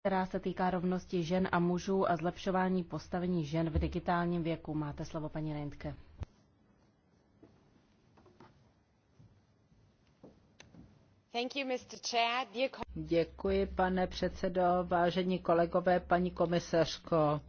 která se týká rovnosti žen a mužů a zlepšování postavení žen v digitálním věku. Máte slovo, paní Reintke. Děkuji, pane předsedo, vážení kolegové, paní komisařko.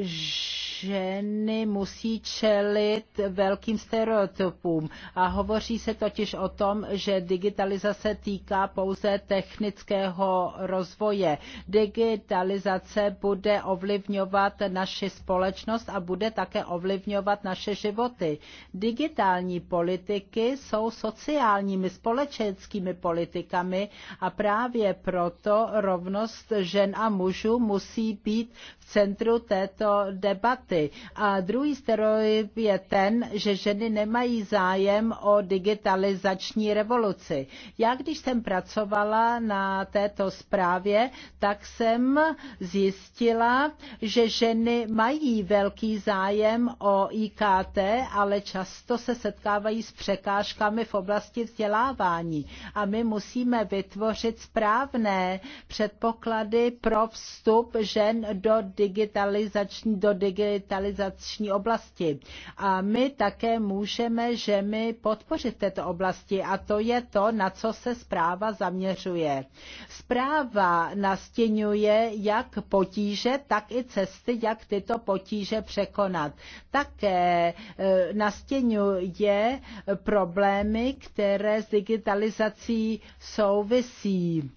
Ž ženy musí čelit velkým stereotypům a hovoří se totiž o tom, že digitalizace týká pouze technického rozvoje. Digitalizace bude ovlivňovat naši společnost a bude také ovlivňovat naše životy. Digitální politiky jsou sociálními, společenskými politikami a právě proto rovnost žen a mužů musí být v centru této debaty státy. A druhý stereotyp je ten, že ženy nemají zájem o digitalizační revoluci. Já, když jsem pracovala na této zprávě, tak jsem zjistila, že ženy mají velký zájem o IKT, ale často se setkávají s překážkami v oblasti vzdělávání. A my musíme vytvořit správné předpoklady pro vstup žen do digitalizační, do digitalizační revitalizační oblasti. A my také můžeme žemi podpořit v této oblasti a to je to, na co se zpráva zaměřuje. Zpráva nastěňuje jak potíže, tak i cesty, jak tyto potíže překonat. Také eh, nastěňuje problémy, které s digitalizací souvisí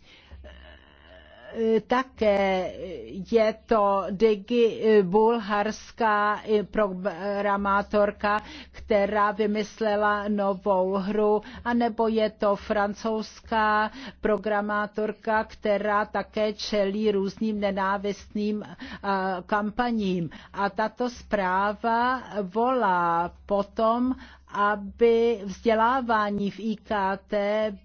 také je to digi, bulharská programátorka, která vymyslela novou hru, anebo je to francouzská programátorka, která také čelí různým nenávistným kampaním. A tato zpráva volá potom, aby vzdělávání v IKT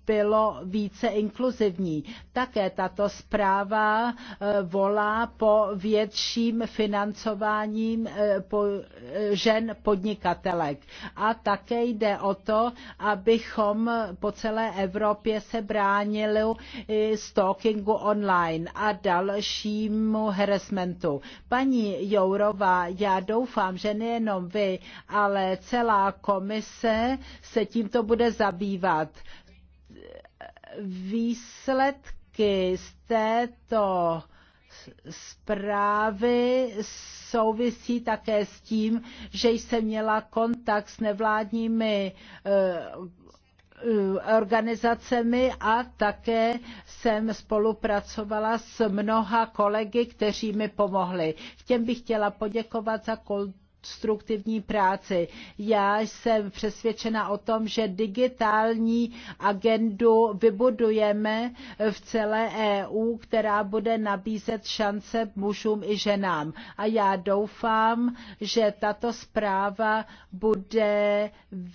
bylo více inkluzivní. Také tato zpráva eh, volá po větším financování eh, eh, žen podnikatelek. A také jde o to, abychom po celé Evropě se bránili stalkingu online a dalšímu harassmentu. Paní Jourová, já doufám, že nejenom vy, ale celá komise komise se tímto bude zabývat. Výsledky z této zprávy souvisí také s tím, že jsem měla kontakt s nevládními eh, organizacemi a také jsem spolupracovala s mnoha kolegy, kteří mi pomohli. Těm bych chtěla poděkovat za kulturu konstruktivní práci. Já jsem přesvědčena o tom, že digitální agendu vybudujeme v celé EU, která bude nabízet šance mužům i ženám. A já doufám, že tato zpráva bude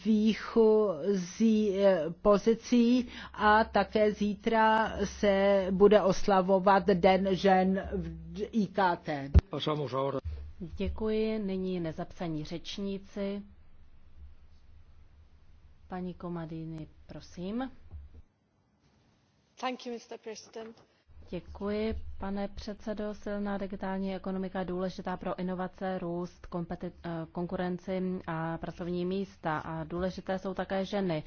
výchozí e, pozicí a také zítra se bude oslavovat Den žen v IKT. Děkuji. Nyní nezapsaní řečníci. Paní Komadýny, prosím. Thank you, Mr. President. Děkuji, pane předsedo. Silná digitální ekonomika je důležitá pro inovace, růst, eh, konkurenci a pracovní místa. A důležité jsou také ženy.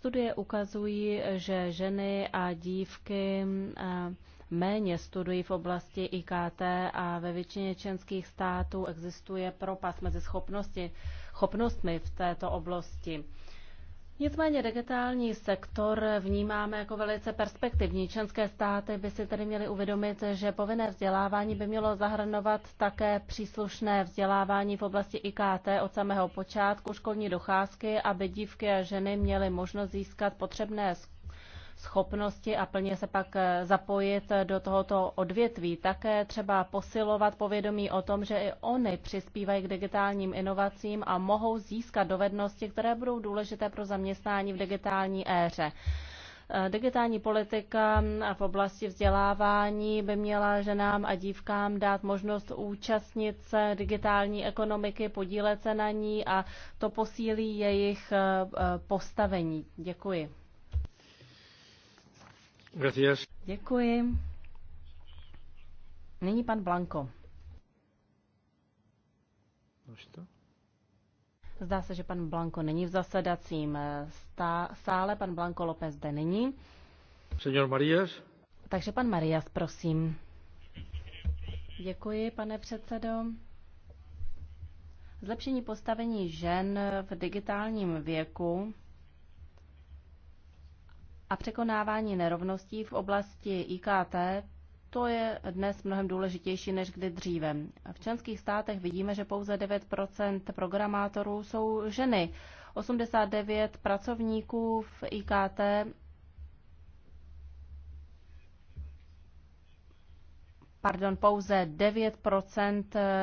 Studie ukazují, že ženy a dívky eh, méně studují v oblasti IKT a ve většině členských států existuje propast mezi schopnosti, schopnostmi v této oblasti. Nicméně digitální sektor vnímáme jako velice perspektivní. Členské státy by si tedy měly uvědomit, že povinné vzdělávání by mělo zahrnovat také příslušné vzdělávání v oblasti IKT od samého počátku školní docházky, aby dívky a ženy měly možnost získat potřebné zkušenosti schopnosti a plně se pak eh, zapojit do tohoto odvětví. Také třeba posilovat povědomí o tom, že i oni přispívají k digitálním inovacím a mohou získat dovednosti, které budou důležité pro zaměstnání v digitální éře. Eh, digitální politika hm, v oblasti vzdělávání by měla ženám a dívkám dát možnost účastnit se digitální ekonomiky, podílet se na ní a to posílí jejich eh, postavení. Děkuji. Gracias. Děkuji. Nyní pan Blanko. Zdá se, že pan Blanko není v zasedacím eh, sále. Pan Blanko López zde není. Senor Marias. Takže pan Marias, prosím. Děkuji, pane předsedo. Zlepšení postavení žen v digitálním věku a překonávání nerovností v oblasti IKT, to je dnes mnohem důležitější než kdy dříve. V členských státech vidíme, že pouze 9 programátorů jsou ženy. 89 pracovníků v IKT pardon, pouze 9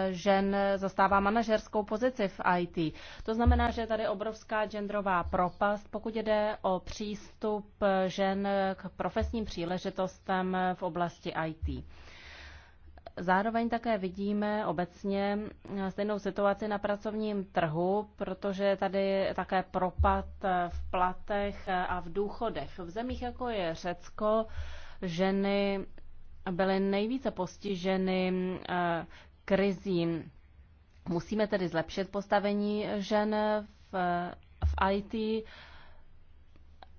žen zastává manažerskou pozici v IT. To znamená, že je tady obrovská genderová propast, pokud jde o přístup žen k profesním příležitostem v oblasti IT. Zároveň také vidíme obecně stejnou situaci na pracovním trhu, protože je tady také propad v platech a v důchodech. V zemích jako je Řecko ženy byly nejvíce postiženy eh, krizí. Musíme tedy zlepšit postavení žen v, v IT,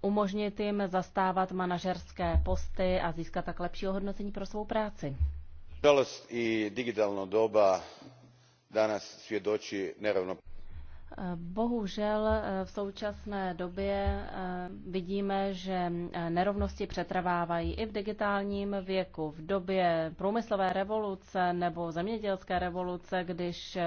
umožnit jim zastávat manažerské posty a získat tak lepší ohodnocení pro svou práci. Žalost i digitální doba danas svědčí nerovnoprávnost. Bohužel eh, v současné době eh, vidíme, že eh, nerovnosti přetrvávají i v digitálním věku, v době průmyslové revoluce nebo zemědělské revoluce, když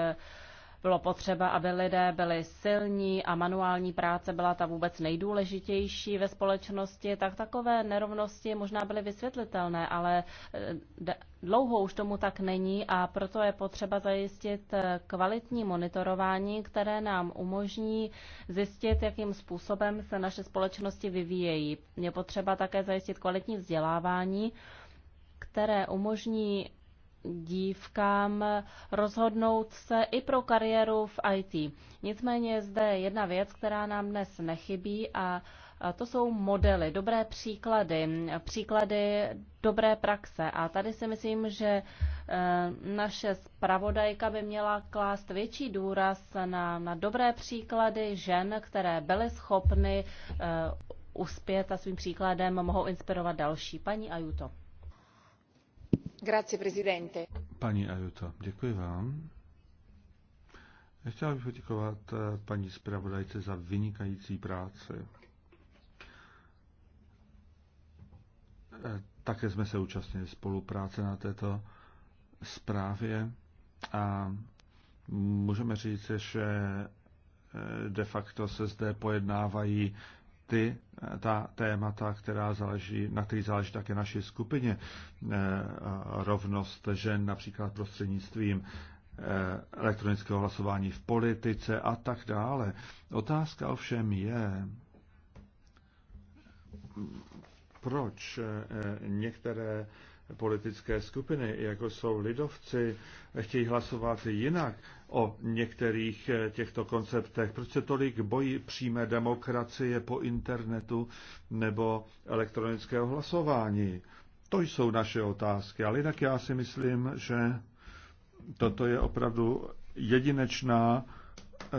bylo potřeba, aby lidé byli silní a manuální práce byla ta vůbec nejdůležitější ve společnosti, tak takové nerovnosti možná byly vysvětlitelné, ale eh, dlouho už tomu tak není a proto je potřeba zajistit eh, kvalitní monitorování, které nám umožní zjistit, jakým způsobem se naše společnosti vyvíjejí. Je potřeba také zajistit kvalitní vzdělávání, které umožní dívkám rozhodnout se i pro kariéru v IT. Nicméně je zde jedna věc, která nám dnes nechybí a to jsou modely, dobré příklady, příklady dobré praxe. A tady si myslím, že e, naše spravodajka by měla klást větší důraz na, na dobré příklady žen, které byly schopny e, uspět a svým příkladem mohou inspirovat další. Paní Ajuto. Grazie, prezidente. Paní Ajuto, děkuji vám. Chtěla bych poděkovat eh, paní zpravodajce za vynikající práci. Eh, také jsme se účastnili spolupráce na této zprávě a můžeme říct, že eh, de facto se zde pojednávají ty, ta témata, která záleží, na který záleží také naší skupině, eh, rovnost žen například prostřednictvím eh, elektronického hlasování v politice a tak dále. Otázka ovšem je, proč eh, některé politické skupiny, jako jsou lidovci, chtějí hlasovat jinak o některých eh, těchto konceptech. Proč se tolik bojí přímé demokracie po internetu nebo elektronického hlasování? To jsou naše otázky, ale jinak já si myslím, že toto je opravdu jedinečná e,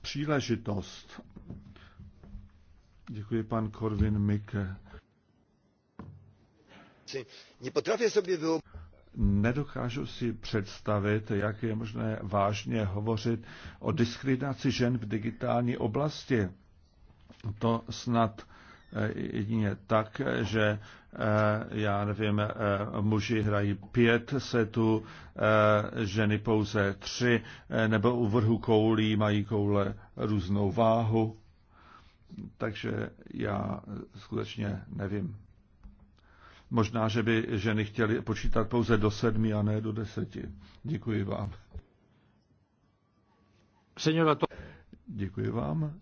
příležitost. Děkuji, pan Korvin Mike předsedající nie potrafię sobie Nedokážu si představit, jak je možné vážně hovořit o diskriminaci žen v digitální oblasti. To snad eh, jedině tak, že eh, já nevím, eh, muži hrají pět setů, ženy pouze tři, nebo u vrhu koulí mají koule různou váhu. Takže já skutečně nevím. Možná, že by ženy chtěly počítat pouze do sedmi a ne do deseti. Děkuji vám. Senora to... Děkuji vám.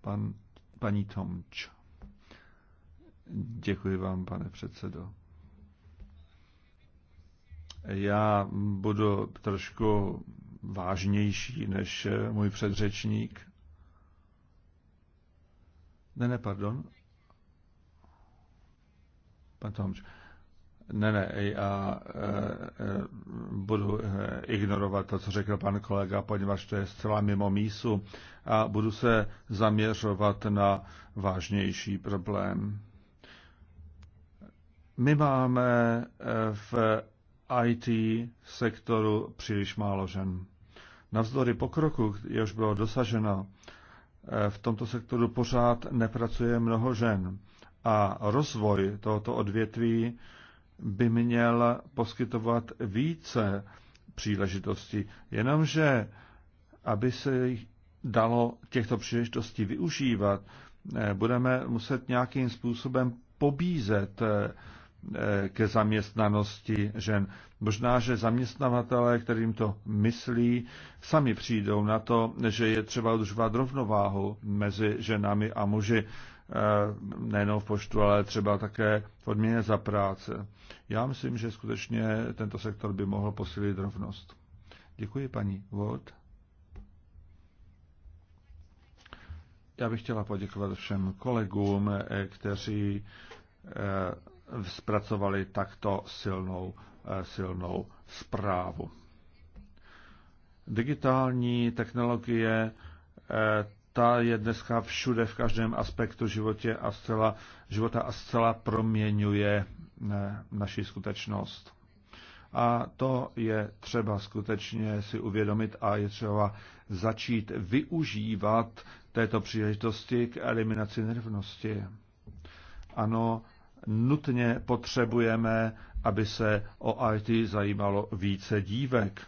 Pan, paní Tomč. Děkuji vám, pane předsedo. Já budu trošku vážnější než můj předřečník. Ne, ne, pardon. Pan Tomč. Ne, ne, já a eh, e, eh, budu eh, ignorovat to, co řekl pan kolega, poněvadž to je zcela mimo mísu a budu se zaměřovat na vážnější problém. My máme v IT sektoru příliš málo žen. Navzdory pokroku, jehož bylo dosaženo, v tomto sektoru pořád nepracuje mnoho žen a rozvoj tohoto odvětví by měl poskytovat více příležitostí. Jenomže, aby se jich dalo těchto příležitostí využívat, eh, budeme muset nějakým způsobem pobízet eh, ke zaměstnanosti žen. Možná, že zaměstnavatelé, kterým to myslí, sami přijdou na to, že je třeba udržovat rovnováhu mezi ženami a muži. Eh, nejenom v počtu, ale třeba také v odměně za práce. Já myslím, že skutečně tento sektor by mohl posílit rovnost. Děkuji, paní Vod. Já bych chtěla poděkovat všem kolegům, eh, kteří eh, zpracovali takto silnou, silnou zprávu. Digitální technologie ta je dneska všude, v každém aspektu životě a zcela, života a zcela proměňuje eh, naši skutečnost. A to je třeba skutečně si uvědomit a je třeba začít využívat této příležitosti k eliminaci nervnosti. Ano, nutně potřebujeme, aby se o IT zajímalo více dívek.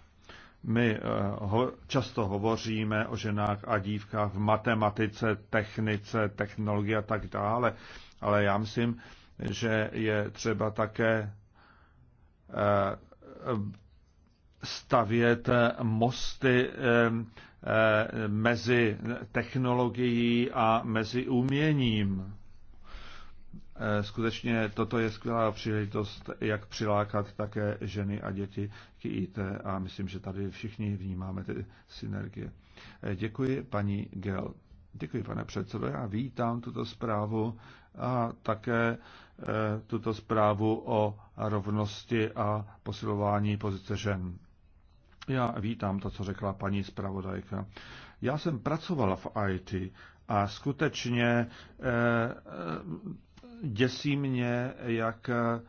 My eh, často hovoříme o ženách a dívkách v matematice, technice, technologii a tak dále, ale já myslím, že je třeba také eh, stavět mosty eh, mezi technologií a mezi uměním. Eh, skutečně toto je skvělá příležitost, jak přilákat také ženy a děti k IT a myslím, že tady všichni vnímáme ty synergie. Eh, děkuji paní Gel. Děkuji, pane předsedo. Já vítám tuto zprávu a také eh, tuto zprávu o rovnosti a posilování pozice žen. Já vítám to, co řekla paní zpravodajka. Já jsem pracovala v IT a skutečně Děsí mě, jak eh,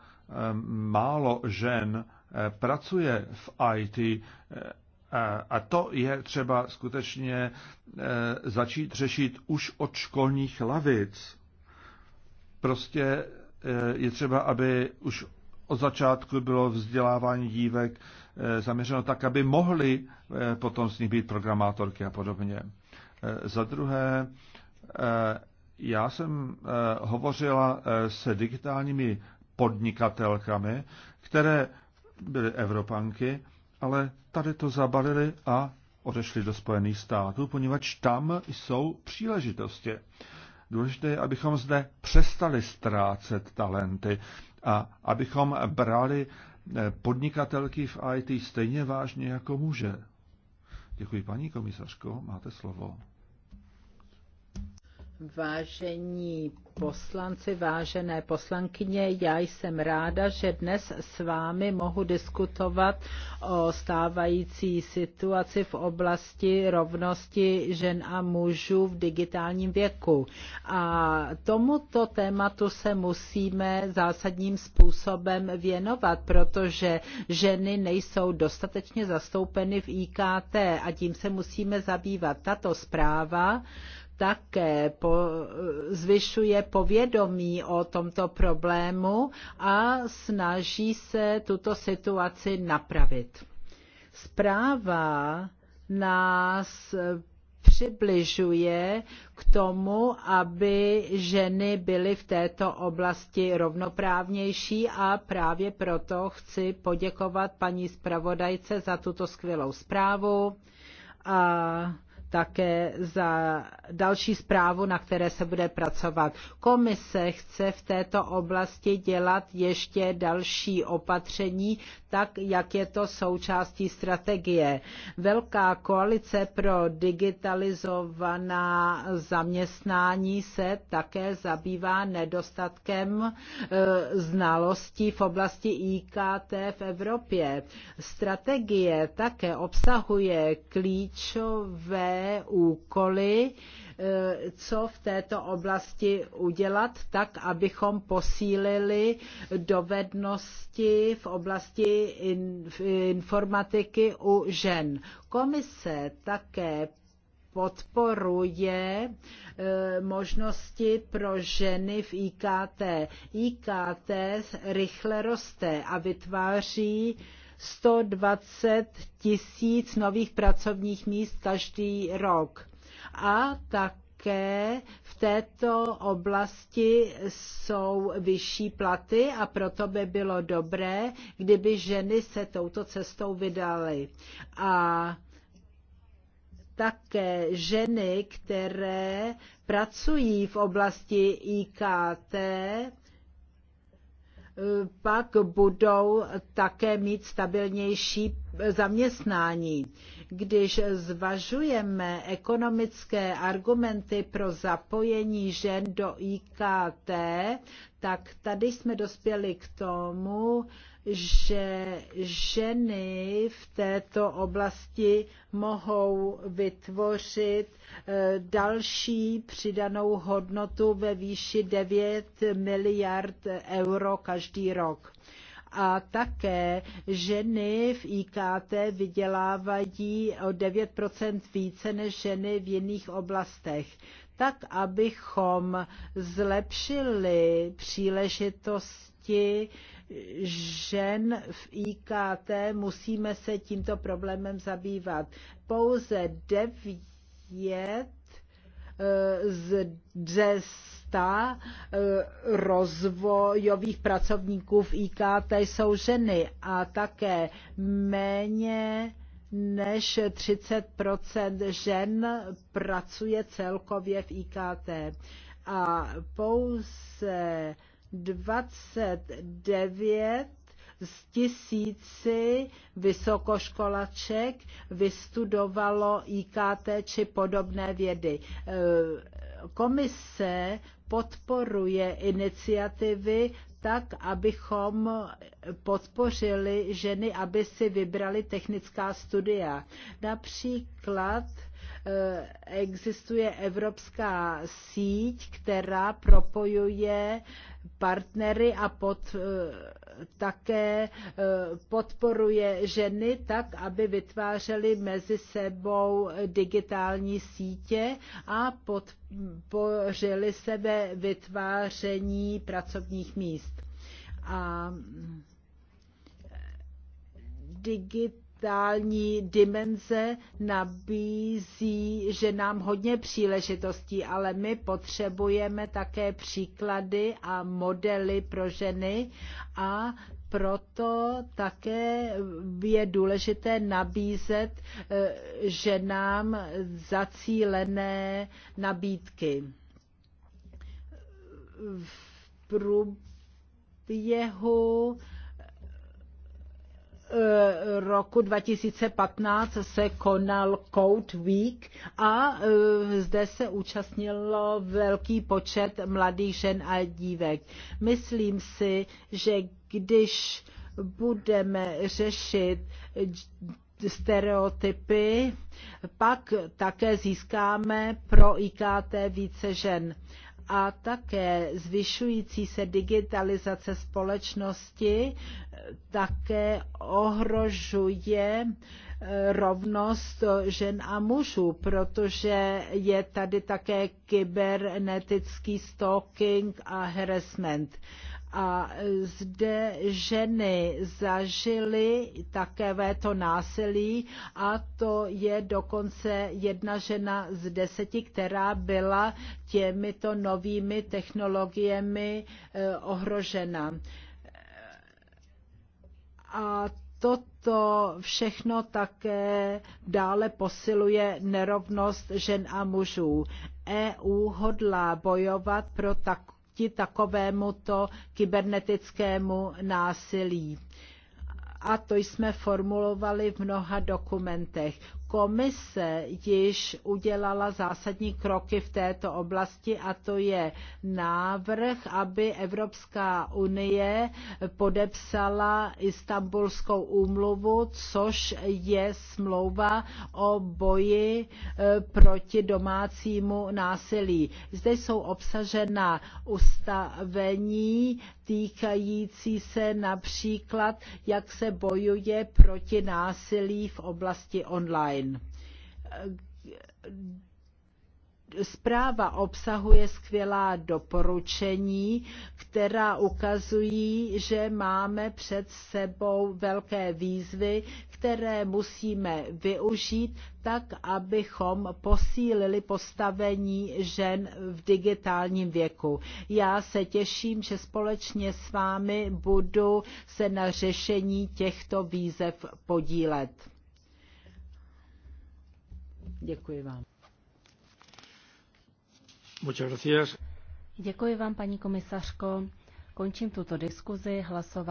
málo žen eh, pracuje v IT eh, a to je třeba skutečně začít řešit už od školních lavic. Prostě je třeba, aby už od začátku bylo vzdělávání dívek zaměřeno tak, aby mohly potom s nich být programátorky a podobně. Za druhé, já jsem eh, hovořila eh, s digitálními podnikatelkami, které byly Evropanky, ale tady to zabalili a odešli do Spojených států, poněvadž tam jsou příležitosti. Důležité je, abychom zde přestali ztrácet talenty a abychom brali eh, podnikatelky v IT stejně vážně jako muže. Děkuji, paní komisařko, máte slovo. Vážení poslanci, vážené poslankyně, já jsem ráda, že dnes s vámi mohu diskutovat o stávající situaci v oblasti rovnosti žen a mužů v digitálním věku. A tomuto tématu se musíme zásadním způsobem věnovat, protože ženy nejsou dostatečně zastoupeny v IKT a tím se musíme zabývat. Tato zpráva také po, zvyšuje povědomí o tomto problému a snaží se tuto situaci napravit. Zpráva nás přibližuje k tomu, aby ženy byly v této oblasti rovnoprávnější a právě proto chci poděkovat paní zpravodajce za tuto skvělou zprávu a také za další zprávu, na které se bude pracovat. Komise chce v této oblasti dělat ještě další opatření, tak, jak je to součástí strategie. Velká koalice pro digitalizovaná zaměstnání se také zabývá nedostatkem e, znalostí v oblasti IKT v Evropě. Strategie také obsahuje klíčové úkoly, Eh, co v této oblasti udělat, tak abychom posílili dovednosti v oblasti informatiky u žen. Komise také podporuje eh, možnosti pro ženy v IKT. IKT rychle roste a vytváří 120 tisíc nových pracovních míst každý rok a také v této oblasti jsou vyšší platy a proto by bylo dobré, kdyby ženy se touto cestou vydaly. A také ženy, které pracují v oblasti IKT, pak budou také mít stabilnější zaměstnání. Když zvažujeme ekonomické argumenty pro zapojení žen do IKT, tak tady jsme dospěli k tomu, že ženy v této oblasti mohou vytvořit eh, další přidanou hodnotu ve výši 9 miliard euro každý rok a také ženy v IKT vydělávají o 9% více než ženy v jiných oblastech. Tak, abychom zlepšili příležitost účasti žen v IKT musíme se tímto problémem zabývat. Pouze devět eh, z, dřesta eh, rozvojových pracovníků v IKT jsou ženy a také méně než 30 žen pracuje celkově v IKT. A pouze 29 z tisíci vysokoškolaček vystudovalo IKT či podobné vědy. Eh, komise podporuje iniciativy tak, abychom podpořili ženy, aby si vybrali technická studia. Například eh, existuje evropská síť, která propojuje partnery a pod, eh, také eh, podporuje ženy tak, aby vytvářely mezi sebou digitální sítě a podpořily sebe vytváření pracovních míst. A eh, digitální digitální dimenze nabízí, že nám hodně příležitostí, ale my potřebujeme také příklady a modely pro ženy a proto také je důležité nabízet eh, ženám zacílené nabídky. V průběhu Eh, roku 2015 se konal Code Week a eh, zde se účastnilo velký počet mladých žen a dívek. Myslím si, že když budeme řešit stereotypy, pak také získáme pro IKT více žen a také zvyšující se digitalizace společnosti eh, také ohrožuje eh, rovnost žen a mužů, protože je tady také kybernetický stalking a harassment a zde ženy zažily takovéto násilí a to je dokonce jedna žena z deseti, která byla těmito novými technologiemi eh, ohrožena. A toto všechno také dále posiluje nerovnost žen a mužů. EU hodlá bojovat pro tak proti takovémuto kybernetickému násilí a to jsme formulovali v mnoha dokumentech. Komise již udělala zásadní kroky v této oblasti a to je návrh, aby Evropská unie podepsala Istanbulskou úmluvu, což je smlouva o boji e, proti domácímu násilí. Zde jsou obsažena ustavení týkající se například, jak se bojuje proti násilí v oblasti online potravin. Zpráva obsahuje skvělá doporučení, která ukazují, že máme před sebou velké výzvy, které musíme využít tak, abychom posílili postavení žen v digitálním věku. Já se těším, že společně s vámi budu se na řešení těchto výzev podílet. Děkuji vám. Děkuji vám, paní komisařko. Končím tuto diskuzi. Hlasovat.